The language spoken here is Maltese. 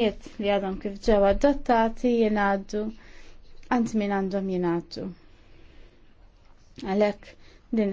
jiet li għadhom kif ġew adottati jingħaddu għant min għandhom jingħaddu. Għalek din